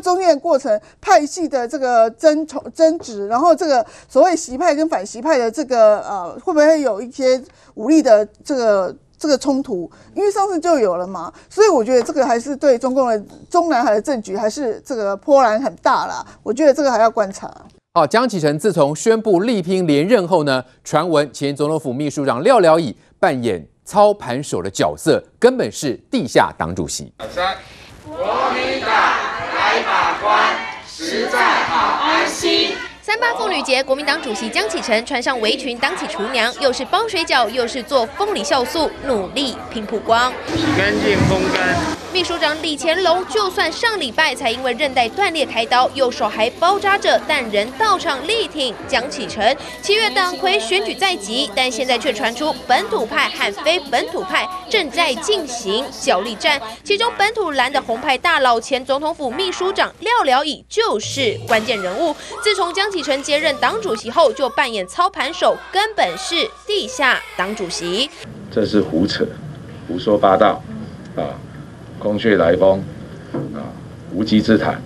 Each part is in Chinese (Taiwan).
中間過程派系的這個爭寵爭執，然後這個所謂習派跟反習派的這個呃，會不會有一些武力的這個這個衝突？因為上次就有了嘛，所以我覺得這個還是對中共的中南海的政局還是這個波瀾很大啦，我覺得這個還要觀察。好、哦，江啟臣自從宣布力拼連任後呢，傳聞前總統府秘書長廖了以扮演操盤手的角色，根本是地下黨主席。國民黨。法官實在好安心。三八婦女節，國民黨主席江啟臣穿上圍裙當起廚娘，又是包水餃，又是做鳳梨酵素，努力拼曝光。洗乾淨，風乾。秘書長李乾龍，就算上禮拜才因為韌帶斷裂開刀，右手還包扎着，但仍到場力挺江啟臣。七月黨魁選舉在即，但現在卻傳出本土派和非本土派正在進行角力戰，其中本土藍的紅派大老前總統府秘書長廖了以就是關鍵人物。自從江啟臣接任黨主席後，就扮演操盤手，根本是地下黨主席。這是胡扯，胡說八道，啊。空穴來風啊，無稽之談，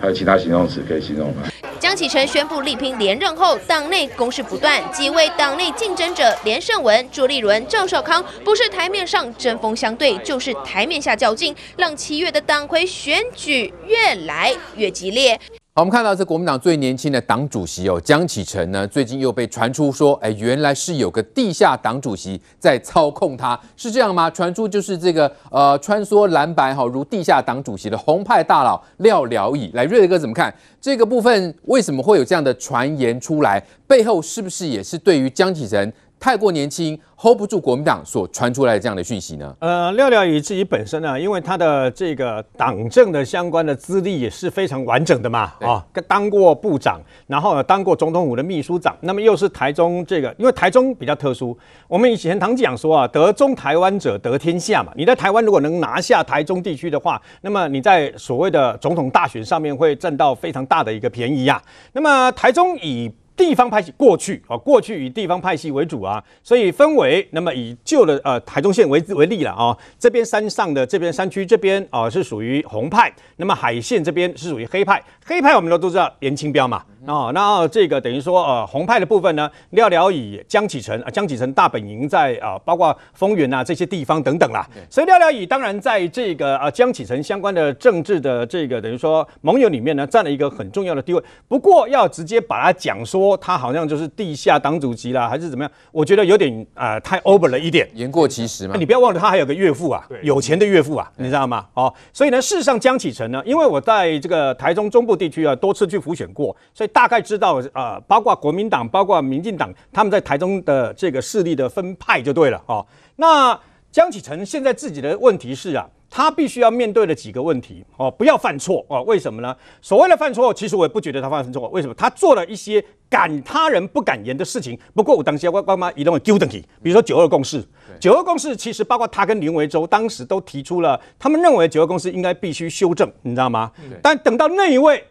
還有其他形容詞可以形容嗎？江啟臣宣布力拚連任後，黨內攻勢不斷，幾位黨內競爭者連勝文、朱立倫、趙少康，不是台面上針鋒相對，就是台面下較勁，讓七月的黨魁選舉越來越激烈。好，我們看到這國民黨最年輕的黨主席哦，江啟臣呢，最近又被傳出說，哎、欸，原來是有個地下黨主席在操控他，是這樣嗎？傳出就是這個呃，穿梭藍白哈、哦，如地下黨主席的紅派大佬廖了以。來，瑞德哥怎麼看這個部分？為什麼會有這樣的傳言出來？背後是不是也是對於江啟臣，太過年輕，hold 不住國民黨所傳出來的這樣的訊息呢？呃，廖、廖了以自己本身呢、啊，因為他的這個黨政的相關的資歷也是非常完整的嘛，啊對、哦，當過部長，然後呢當過總統府的秘書長，那麼又是台中這個，因為台中比較特殊，我們以前常講說啊，得中台灣者得天下嘛，你在台灣如果能拿下台中地區的話，那麼你在所謂的總統大選上面會占到非常大的一個便宜呀、啊。那麼台中以地方派系過去啊，過去以地方派系為主啊，所以分為那麼以舊的呃台中縣為為例了啊、哦，這邊山上的這邊山區這邊啊、呃、是屬於紅派，那麼海線這邊是屬於黑派。黑派我們都都知道顏清標嘛，嗯、哼哦，那這個等於說呃紅派的部分呢廖廖了以、江啟臣、呃、江啟臣啊，江啟臣大本營在啊、呃、包括豐原啊這些地方等等啦，嗯、所以廖廖了以當然在這個呃，江啟臣相關的政治的這個等於說盟友裡面呢占了一個很重要的地位，不過要直接把他講說他好像就是地下黨主席啦還是怎麼樣，我覺得有點啊、呃、太 over 了一點，言過其實嘛、呃，你不要忘了他還有個岳父啊，對有錢的岳父啊，嗯、你知道嗎？哦，所以呢事實上江啟臣呢，因為我在這個台中中部。地區啊，多次去輔選過，所以大概知道啊、呃，包括國民黨、包括民進黨，他們在台中的這個勢力的分派就對了啊、哦。那江啟臣現在自己的問題是啊。他必須要面對的幾個問題哦，不要犯錯哦。為什麼呢？所謂的犯錯，其實我也不覺得他犯什麼錯。為什麼？他做了一些敢他人不敢言的事情。不過時我擔心，關關媽移動的舊問題，比如說九二共識。對九二共識其實包括他跟林為洲當時都提出了，他們認為九二共識應該必須修正，你知道嗎？對但等到那一位。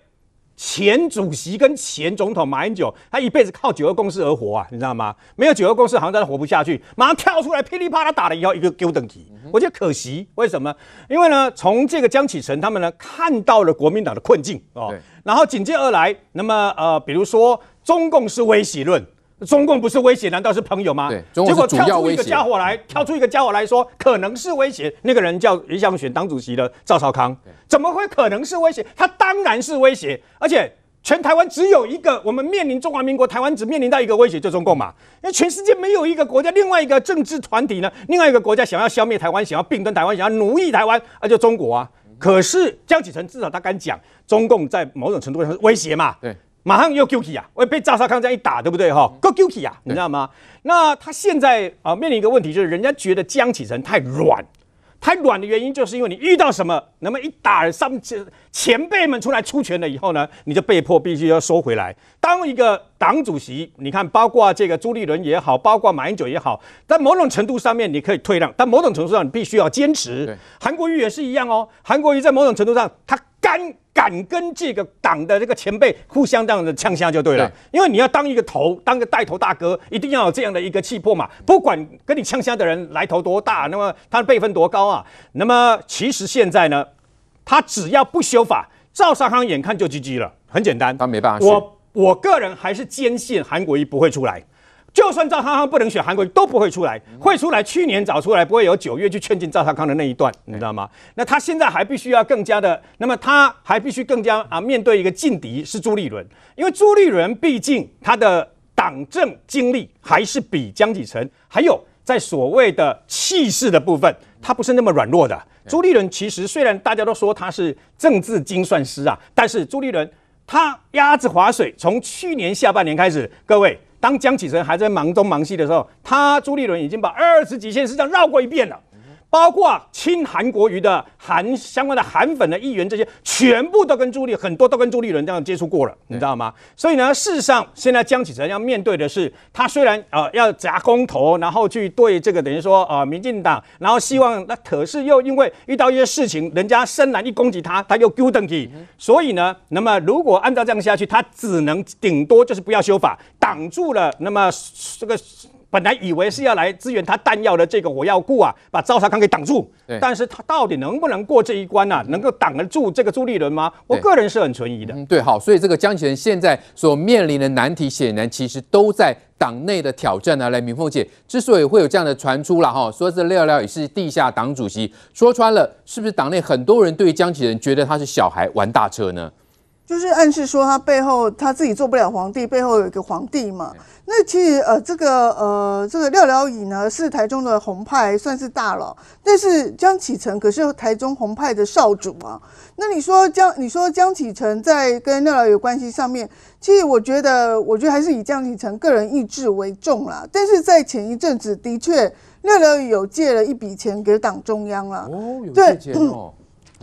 前主席跟前總統馬英九，他一輩子靠九二共識而活啊，你知道嗎？沒有九二共識，好像真的活不下去。馬上跳出來，噼裡啪啦打了一條一個勾等題，嗯、哼我覺得可惜。為什麼？因為呢，從這個江啟臣他們呢，看到了國民黨的困境，哦、對然後緊接而來，那麼呃，比如說中共是威脅論。中共不是威脅，難道是朋友嗎？對，中共是主要威脅。結果跳出一個家伙來，嗯、跳出一個家伙來說，可能是威脅。那個人叫一向選黨主席的趙少康，對怎麼會可能是威脅？他當然是威脅。而且全台灣只有一個，我們面臨中華民國，台灣只面臨到一個威脅，就中共嘛。因為全世界沒有一個國家，另外一個政治團體呢，另外一個國家想要消滅台灣，想要併吞台灣，想要奴役台灣，而、啊、就中國啊。嗯、哼可是江啟臣至少他敢講，中共在某種程度上是威脅嘛？馬上又 guilty 啊，被趙少康這樣一打，對不對哈？夠 guilty 啊，你知道嗎？對 那他現在啊面臨一個問題，就是人家覺得江啟臣太軟，太軟的原因就是因為你遇到什麼，那麼一打三，上前前輩們出來出拳了以後呢，你就被迫必須要收回來。當一個黨主席，你看包括這個朱立倫也好，包括馬英九也好，在某種程度上面你可以退讓，但某種程度上你必須要堅持。韓國瑜也是一樣哦，韓國瑜在某種程度上他幹。敢跟這個黨的這個前輩互相這樣子嗆蝦就對了，對 因為你要當一個頭，當個帶頭大哥，一定要有這樣的一個氣魄嘛。不管跟你嗆蝦的人來頭多大，那麼他的輩分多高啊？那麼其實現在呢，他只要不修法，趙少康眼看就 GG 了。很簡單，他沒辦法。我我個人還是堅信韓國瑜不會出來。就算趙少康不能選韓國瑜，都不會出來，會出來。去年早出來，不會有九月去勸進趙少康的那一段，你知道嗎？嗯、那他現在還必須要更加的，那麼他還必須更加啊，面對一個勁敵是朱立倫，因為朱立倫畢竟他的黨政經歷還是比江啟臣還有在所謂的氣勢的部分，他不是那麼軟弱的。朱立倫其實雖然大家都說他是政治精算師啊，但是朱立倫他鴨子划水，從去年下半年開始，各位。當江啟臣還在忙東忙西的時候，他朱立倫已經把二十幾線市場繞過一遍了。包括親韓國瑜的韓相關的韓粉的議員，這些全部都跟朱立，很多都跟朱立倫這樣接觸過了，對 你知道嗎？所以呢，事實上現在江啟臣要面對的是，他雖然呃要夾公投，然後去對這個等於說呃民進黨，然後希望那可是又因為遇到一些事情，人家深藍一攻擊他，他又丟登級。所以呢，那麼如果按照這樣下去，他只能頂多就是不要修法，擋住了那麼這個。本來以為是要來支援他彈藥的這個火藥庫啊，把趙少康給擋住。對但是他到底能不能過這一關呢、啊？能夠擋得住這個朱立倫嗎？我個人是很存疑的。對，嗯、對，好，所以這個江啟臣現在所面臨的難題，顯然其實都在黨內的挑戰呢、啊。來，明鳳姐之所以會有這樣的傳出了哈，說這廖了以是地下黨主席，說穿了，是不是黨內很多人對江啟臣覺得他是小孩玩大車呢？就是暗示說他背後他自己做不了皇帝，背後有一個皇帝嘛。那其實呃，這個呃，這個廖了以呢是台中的紅派算是大佬，但是江啟臣可是台中紅派的少主啊。那你說江，你說江啟臣在跟廖了以有關係上面，其實我覺得，我覺得還是以江啟臣個人意志為重啦。但是在前一陣子，的確廖了以有借了一筆錢給黨中央啦。哦，有借錢哦。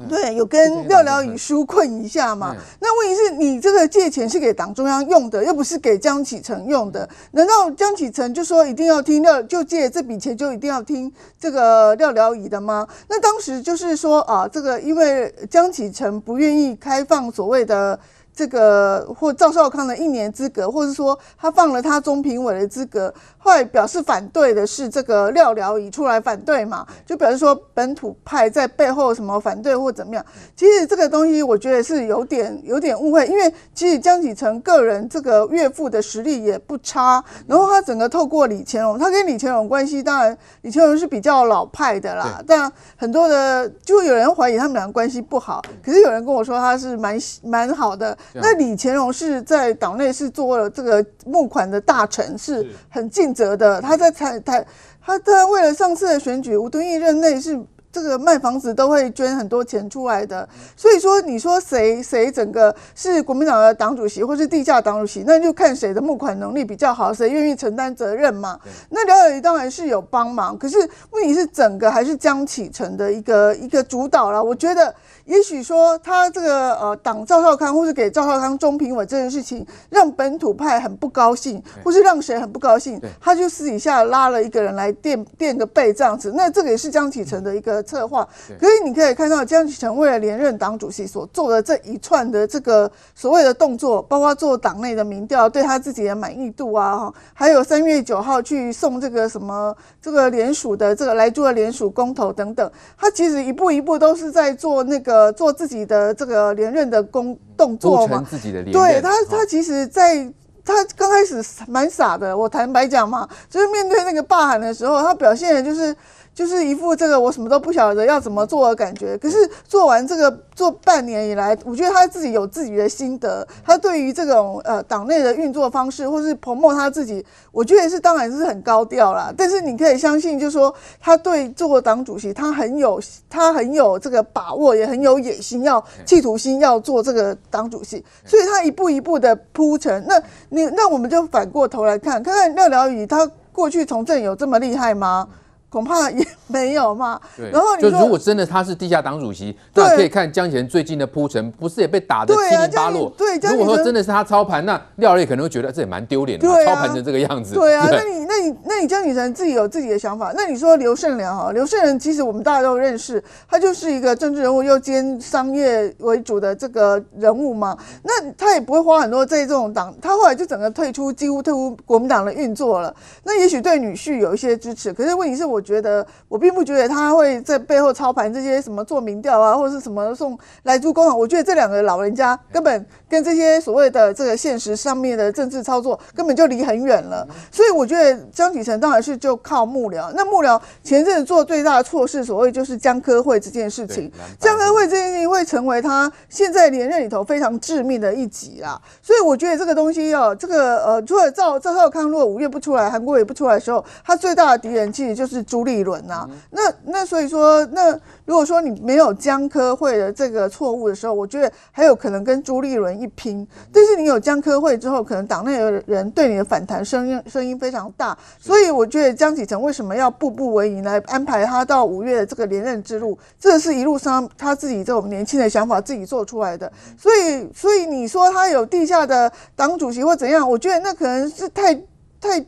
對，有跟廖了以紓困一下嘛。嗯嗯、那問題是，你這個借錢是給黨中央用的，又不是給江啟臣用的。難道江啟臣就說一定要聽廖，就借這筆錢就一定要聽這個廖了以的嗎？那當時就是說啊，這個因為江啟臣不願意開放所謂的。這個或趙少康的一年資格，或者是說他放了他中評委的資格，後來表示反對的是這個廖了以出來反對嘛，就表示說本土派在背後什麼反對或怎麼樣。其實這個東西我覺得是有點有點誤會，因為其實江啟臣個人這個岳父的實力也不差，然後他整個透過李乾龍，他跟李乾龍關係，當然李乾龍是比較老派的啦，對但很多的就有人懷疑他們兩個關係不好，可是有人跟我說他是蠻蠻好的。這那李乾龍是在黨內是做了這個募款的大臣，是很盡責的。他在台台，他，他他為了上次的選舉，吳敦義任內是。這個賣房子都會捐很多錢出來的，所以說你說誰誰整個是國民黨的黨主席或是地下黨主席，那就看誰的募款能力比較好，誰願意承擔責任嘛對。那廖了以當然是有幫忙，可是問題是整個還是江啟臣的一個一個主導了。我覺得也許說他這個呃黨趙少康或是給趙少康中評委這件事情，讓本土派很不高興，或是讓誰很不高興對，他就私底下拉了一個人來墊墊個背這樣子。那這個也是江啟臣的一個。策劃，所以你可以看到江啟臣為了連任黨主席所做的這一串的這個所謂的動作，包括做黨內的民調對他自己的滿意度啊，哈，還有三月九號去送這個什麼這個聯署的這個萊豬的聯署公投等等，他其實一步一步都是在做那個做自己的這個連任的工動作嘛。連連對他，他其實在，在他剛開始蠻傻的，我坦白講嘛，就是面對那個罷韓的時候，他表現的就是。就是一副這個我什麼都不曉得要怎麼做的感覺。可是做完這個做半年以來，我覺得他自己有自己的心得。他對於這種呃黨內的運作方式，或是彭博他自己，我覺得是當然是很高調啦。但是你可以相信，就是說他對做黨主席，他很有他很有這個把握，也很有野心，要企圖心要做這個黨主席，所以他一步一步的鋪陳。那那那我們就反過頭來看，看看廖了以他過去從政有這麼厲害嗎？恐怕也沒有嘛對。然後你說就是，如果真的他是地下黨主席，對那可以看江啟臣最近的鋪陳，不是也被打的七零八落？對，啊、江對，江如果說真的是他操盤，那廖了以可能會覺得這也蠻丟臉的，對啊、操盤成這個樣子。對啊，對那你那你那你江啟臣自己有自己的想法。那你說劉盛良啊，劉盛良其實我們大家都認識，他就是一個政治人物又兼商業為主的這個人物嘛。那他也不會花很多這這種黨，他後來就整個退出，幾乎退出國民黨的運作了。那也許對女婿有一些支持，可是問題是，我。我覺得我並不覺得他會在背後操盤這些什麼做民調啊，或者是什麼送來助攻。我覺得這兩個老人家根本跟這些所謂的這個現實上面的政治操作根本就離很遠了。所以我覺得江啟臣當然是就靠幕僚。那幕僚前陣子做最大的錯事，所謂就是江科會這件事情。江科會這件事情會成為他現在連任裡頭非常致命的一擊啊。所以我覺得這個東西哦、啊，這個呃，除了趙趙少康如果五月不出來，韓國瑜不出來的時候，他最大的敵人其實就是。朱立倫啊，嗯嗯，那，那那所以說，那如果說你沒有江科會的這個錯誤的時候，我覺得還有可能跟朱立倫一拼。但是你有江科會之後，可能黨內的人對你的反彈聲音聲音非常大，是，所以我覺得江啟臣為什麼要步步為營，來安排他到五月的這個連任之路，這是一路上他自己這種年輕的想法自己做出來的。所以，所以你說他有地下的黨主席或怎樣，我覺得那可能是太太，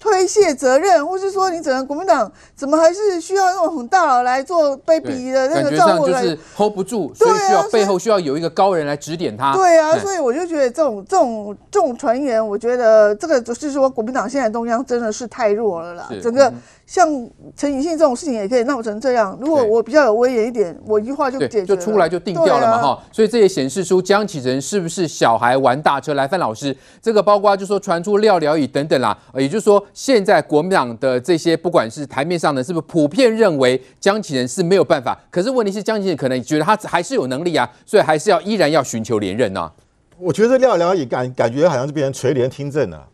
推卸責任，或是說你整個國民黨怎麼還是需要那種很大佬來做卑鄙的那個照顧來，感覺上就是 hold 不住，需要對啊，背後需要有一個高人來指點他。對啊，所以我就覺得這種、嗯、這種這種傳言，我覺得這個就是說國民黨現在中央真的是太弱了啦，是整個。嗯像陳以信這種事情也可以鬧成這樣。如果我比較有威嚴一點，對我一句話就解決，就出來就定掉了嘛哈。啊、所以這也顯示出江啟臣是不是小孩玩大車來范老師？這個包括就是說，傳出廖了以等等啦、啊。也就是說，現在國民黨的這些不管是台面上的，是不是普遍認為江啟臣是沒有辦法？可是問題是江啟臣可能覺得他還是有能力啊，所以還是要依然要尋求連任呢、啊。我覺得廖了以感感覺好像是變成垂簾聽政了，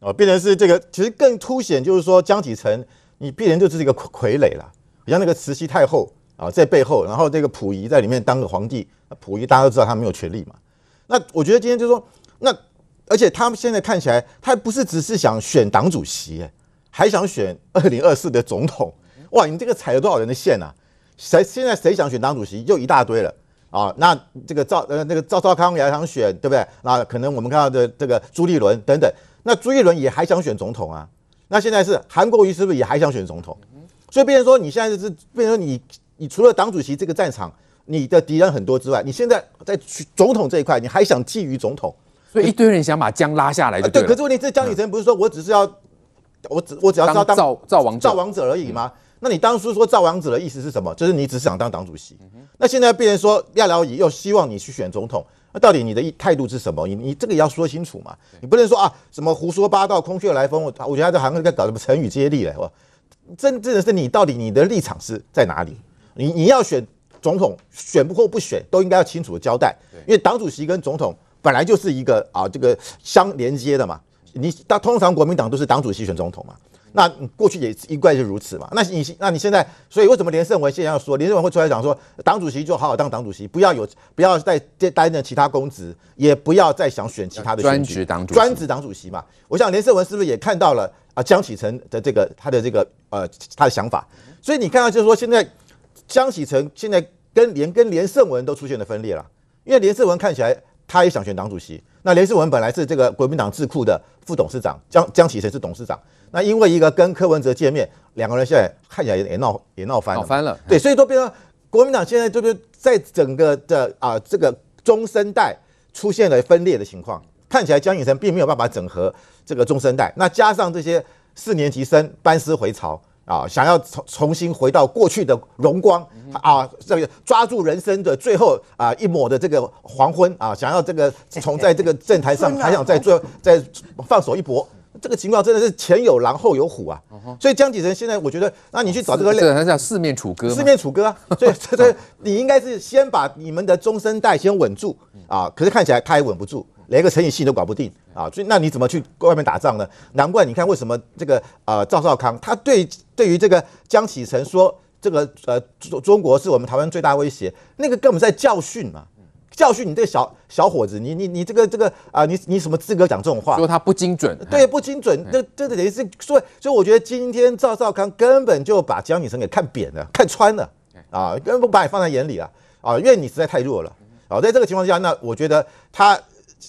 哦，變成是這個其實更凸顯就是說江啟臣。你必然就是一個傀儡了，像那個慈禧太後啊，在背後，然後這個溥儀在裡面當個皇帝，啊，溥儀大家都知道他沒有權力嘛。那我覺得今天就是說，那而且他們現在看起來，他還不是只是想選黨主席，欸，還想選二零二四的總統。哇，你這個踩了多少人的線啊？誰現在誰想選黨主席就一大堆了啊。那這個趙呃那個趙少康也想選，對不對？那可能我們看到的這個朱立倫等等，那朱立倫也還想選總統啊。那現在是韓國瑜是不是也還想選總統？所以變成說你現在是，變成說你你除了黨主席這個戰場，你的敵人很多之外，你現在在總統這一塊，你還想覬覦總統？所以一堆人想把江拉下來就對了。可對，可是問題是江啟臣不是說我只是要，嗯、我只我只要，要當造造王者王者而已嗎？嗯、那你當初說造王者的意思是什麼？就是你只是想當黨主席。嗯、哼那現在變成說廖了以又希望你去選總統。那到底你的態度是什麼？你你這個也要說清楚嘛？你不能說啊什麼胡說八道、空穴來風。我我覺得韓國在搞什麼成語接力了，真正的是你到底你的立場是在哪裡？你你要選總統，選不或不選都應該要清楚的交代。因為黨主席跟總統本來就是一個啊這個相連接的嘛。你當通常國民黨都是黨主席選總統嘛。那過去也一貫是如此嘛，那你、那你現在，所以為什麼連勝文先要說，連勝文會出來講說，黨主席就好好當黨主席，不要有，不要再擔擔任其他公職，也不要再想選其他的。專職黨主專職黨主席嘛。我想連勝文是不是也看到了啊？江啟臣的這個他的這個呃他的想法，所以你看到就是說，現在江啟臣現在跟連跟連勝文都出現了分裂了，因為連勝文看起來。他也想選黨主席。那連勝文本來是這個國民黨智庫的副董事長，江江啟臣是董事長。那因為一個跟柯文哲見面，兩個人現在看起來也鬧也鬧翻，翻了。鬧翻了，對，所以都變成國民黨現在就是在整個的啊、呃、這個中生代出現了分裂的情況。看起來江啟臣並沒有辦法整合這個中生代，那加上這些四年級生班師回朝。啊，想要重重新回到過去的榮光啊，這個抓住人生的最後啊一抹的這個黃昏啊，想要這個從在這個政壇上還想再做再放手一搏， 這個情況真的是前有狼後有虎啊。Uh huh. 所以江啟臣現在我覺得，那你去找這個，是、是，他是四面楚歌，四面楚歌，啊，所以這這 你應該是先把你們的中生代先穩住啊。可是看起來他也穩不住。連個陳以信都管不定啊，所以那你怎麼去外面打仗呢？難怪，你看為什麼這個啊，趙少康他對於對於這個江啟臣說這個呃中中國是我們台灣最大威脅，那個根本在教訓嘛，教訓你這個小小伙子，你你你這個這個啊，你你什麼資格講這種話？說他不精準，對不精準，這這等於是說，所以我覺得今天趙少康根本就把江啟臣給看扁了，看穿了啊，根本不把你放在眼裡了啊，啊，因為你實在太弱了啊，在這個情況下，那我覺得他。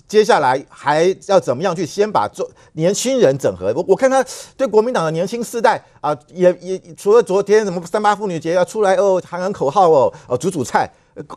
接下來還要怎麼樣去先把做年輕人整合？我我看他對國民黨的年輕世代啊，也也除了昨天什麼三八婦女節要出來哦，喊喊口號哦，哦煮煮菜，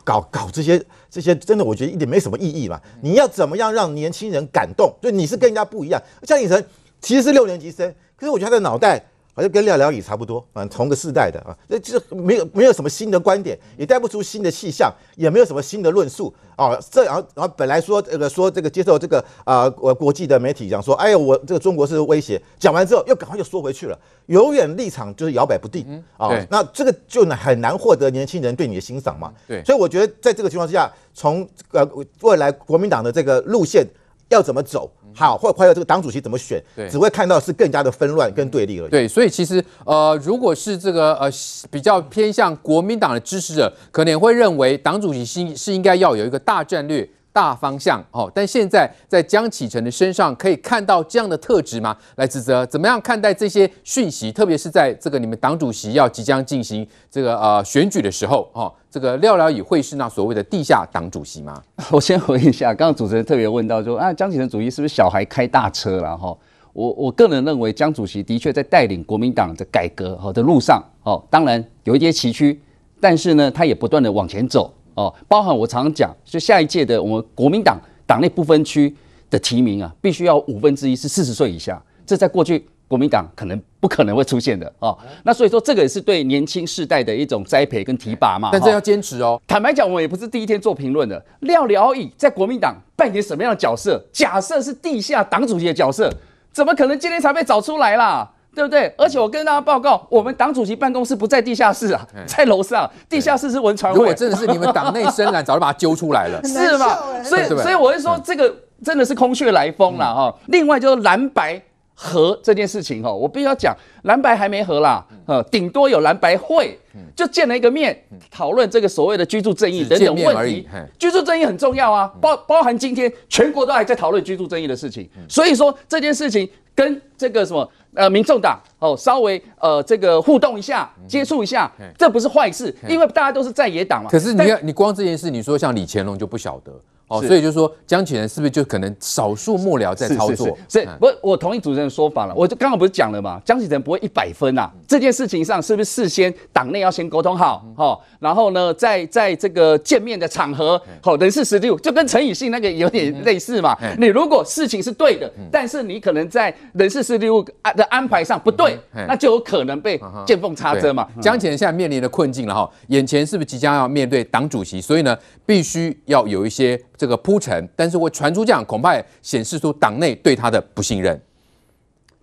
搞搞這些這些，真的我覺得一點沒什麼意義嘛。你要怎麼樣讓年輕人感動？就你是跟人家不一樣，江啟臣其實是六年級生，可是我覺得他的腦袋。好像跟廖了以差不多，嗯，同個世代的啊，那其實沒有沒有什麼新的觀點，也帶不出新的氣象，也沒有什麼新的論述啊。這然後然後本來說這個、呃、說這個接受這個啊、呃，國際的媒體講說，哎呦，我這個中國是威脅。講完之後又趕快又縮回去了，永遠立場就是搖擺不定啊。嗯、那這個就很難獲得年輕人對你的欣賞嘛。嗯、對，所以我覺得在這個情況之下，從呃未來國民黨的這個路線要怎麼走？好，或者快要這個黨主席怎麼選，對只會看到是更加的紛亂跟對立而已。對，所以其實呃，如果是這個呃比較偏向國民黨的支持者，可能會認為黨主席是是應該要有一個大戰略。大方向哦，但現在在江啟臣的身上可以看到這樣的特質嗎？來，子哲，怎麼樣看待這些訊息？特別是在這個你們黨主席要即將進行這個呃選舉的時候哦，這個廖了以會是那所謂的地下黨主席嗎？我先回一下，剛剛主持人特別問到，說啊江啟臣主席是不是小孩開大車了哈？我我個人認為江主席的確在帶領國民黨的改革好的路上哦，當然有一些崎嶇，但是呢，他也不斷的往前走。哦，包含我常常講，就下一屆的我們國民黨黨內不分區的提名啊，必須要五分之一是四十歲以下，這在過去國民黨可能不可能會出現的哦。那所以說，這個也是對年輕世代的一種栽培跟提拔嘛。哦、但是要堅持哦。坦白講，我們也不是第一天做評論的。廖了以在國民黨扮演什麼樣的角色？假設是地下黨主席的角色，怎麼可能今天才被找出來啦？對不對？而且我跟大家報告，我們黨主席辦公室不在地下室啊，在樓上。地下室是文傳會。如果真的是你們黨內深藍， 早就把他揪出來了， 是嗎？所以，所以我就說，這個真的是空穴來風了哈。嗯、另外就是藍白合這件事情哈、哦，我必須要講，藍白還沒合啦，呃，頂多有藍白會就見了一個面，討論這個所謂的居住正義等等問題。居住正義很重要啊，包包含今天全國都還在討論居住正義的事情。嗯、所以說這件事情跟這個什麼？呃，民眾黨哦，稍微呃這個互動一下，接觸一下，嗯、這不是壞事，嗯、因為大家都是在野黨嘛。可是你看，但你光這件事，你說像李乾龍，就不曉得是哦，所以就說江啟臣，是不是就可能少數幕僚在操作？是。所以，是是是嗯、不，我同意主持人說法了，我就剛剛不是講了嘛，江啟臣不會一百分吶、啊。嗯這件事情上是不是事先黨內要先溝通好，嗯、然後呢，在在這個見面的場合，嗯、人事實力就跟陳以信那個有點類似嘛。嗯嗯嗯、你如果事情是對的，嗯、但是你可能在人事實力的安排上不對，嗯嗯嗯嗯、那就有可能被見縫插針嘛。講起來現在面臨的困境了哈，眼前是不是即將要面對黨主席？所以呢，必須要有一些這個鋪陳，但是會傳出這樣，恐怕顯示出黨內對他的不信任。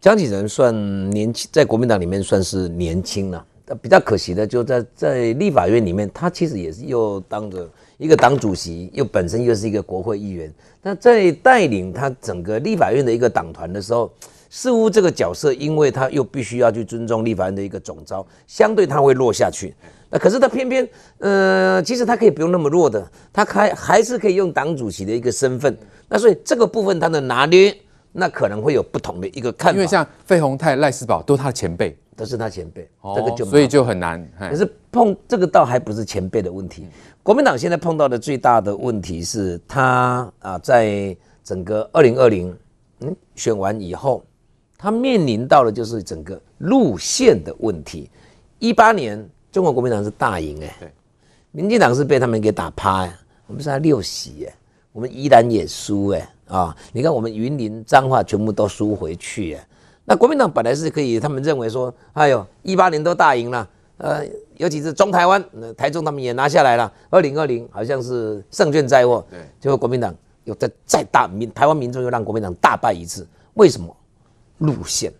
江啟臣算年輕，在國民黨裡面算是年輕了啊。那比較可惜的，就在在立法院裡面，他其實也是又當着一個黨主席，又本身又是一個國會議員。那在帶領他整個立法院的一個黨團的時候，似乎這個角色，因為他又必須要去尊重立法院的一個總召，相對他會弱下去。那可是他偏偏，呃，其實他可以不用那麼弱的，他還還是可以用黨主席的一個身份。那所以這個部分他的拿捏，那可能會有不同的一個看法，啊、因為像費鴻泰、賴士葆，都是他的前輩，都是他前輩，哦、這個就所以就很難。可是碰這個倒還不是前輩的問題。國民黨現在碰到的最大的問題是他，他啊，在整個二零二零嗯選完以後，他面臨到的就是整個路線的問題。一八年，中國國民黨是大贏哎，對民進黨是被他們給打趴呀。我們是在六席哎，我們依然也輸哎。啊、哦，你看我們雲林彰化全部都輸回去耶。那國民黨本來是可以，他們認為說，哎呦，一八年都大贏了，呃，尤其是中台灣、呃，台中他們也拿下來了。二零二零好像是勝券在握。對，結果國民黨又再再大民，台灣民眾又讓國民黨大敗一次。為什麼？路線，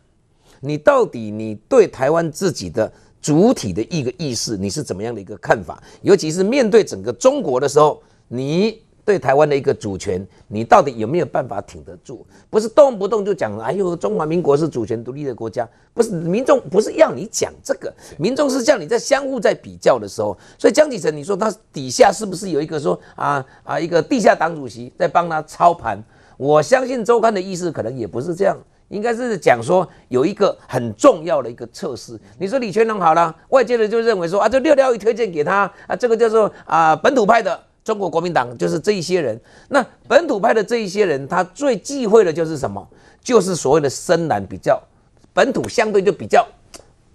你到底你對台灣自己的主體的一個意識，你是怎麼樣的一個看法？尤其是面對整個中國的時候，你。對台灣的一個主權，你到底有沒有辦法挺得住？不是動不動就講，哎呦，中華民國是主權獨立的國家，不是民眾不是要你講這個，民眾是叫你在相互在比較的時候。所以江啟臣，你說他底下是不是有一個說啊啊一個地下黨主席在幫他操盤？我相信周刊的意思可能也不是這樣，應該是講說有一個很重要的一個測試。你說李乾龍好了，外界的就認為說啊，這廖了以推薦給他啊，這個叫做啊本土派的。中國國民黨就是這一些人，那本土派的這一些人，他最忌諱的就是什麼？就是所謂的深藍比較，本土相對就比較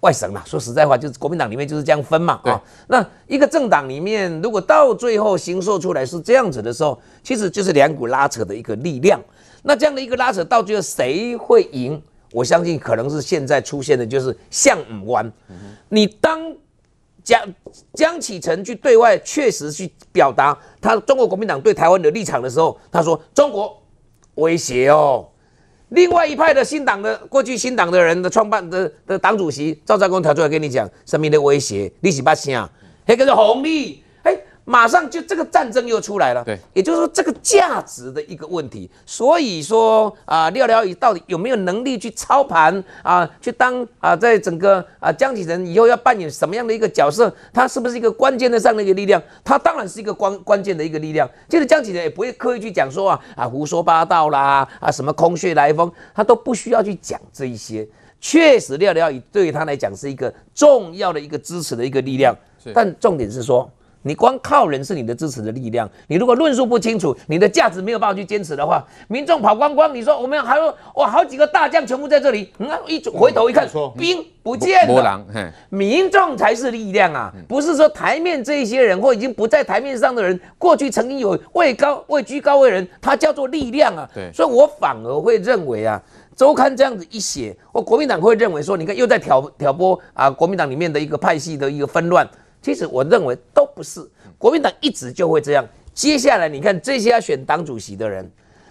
外省啦。說實在話，就是國民黨裡面就是這樣分嘛。啊、嗯哦，那一個政黨裡面，如果到最後形塑出來是這樣子的時候，其實就是兩股拉扯的一個力量。那這樣的一個拉扯到最後誰會贏？我相信可能是現在出現的就是向武灣。嗯、哼你當。江江啟臣去對外確實去表達他中國國民黨對台灣的立場的時候，他說中國威脅哦。另外一派的新黨的過去新黨的人的創辦的的黨主席趙少康跳出來跟你講什麼叫威脅，你是八仙啊？那個是紅利。馬上就這個戰爭又出來了，對，也就是說這個價值的一個問題。所以說啊，廖了以到底有沒有能力去操盤啊？去當啊，在整個啊江啟臣以後要扮演什麼樣的一個角色？他是不是一個關鍵的這樣的一個力量？他當然是一個關關鍵的一個力量。就是江啟臣也不會刻意去講說啊啊胡說八道啦啊什麼空穴來風，他都不需要去講這一些。確實，廖了以對於他來講是一個重要的一個支持的一個力量。是但重點是說。你光靠人是你的支持的力量，你如果論述不清楚，你的價值沒有辦法去堅持的話，民眾跑光光。你說我們還有我好幾個大將全部在這裡，嗯，一回頭一看，嗯、說兵不見了。民眾才是力量啊，不是說檯面這一些人或已經不在檯面上的人。嗯、過去曾經有位高位居高位的人，他叫做力量啊。對所以我反而會認為啊，周刊這樣子一寫，我國民黨會認為說，你看又在挑挑撥啊，國民黨裡面的一個派系的一個紛亂。其實我認為都不是，國民黨一直就會這樣。接下來你看這些要選黨主席的人，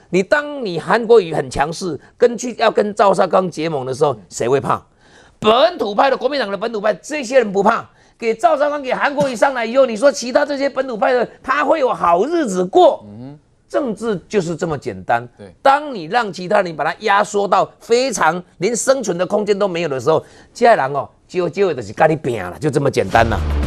你當你韓國瑜很強勢，跟去要跟趙少康結盟的時候，誰會怕？本土派的國民黨，的本土派這些人不怕。給趙少康給韓國瑜上來以後，你說其他這些本土派的，他會有好日子過？嗯，政治就是這麼簡單。當你讓其他人把他壓縮到非常連生存的空間都沒有的時候，接下來哦，就就的是跟你拼了，就這麼簡單了。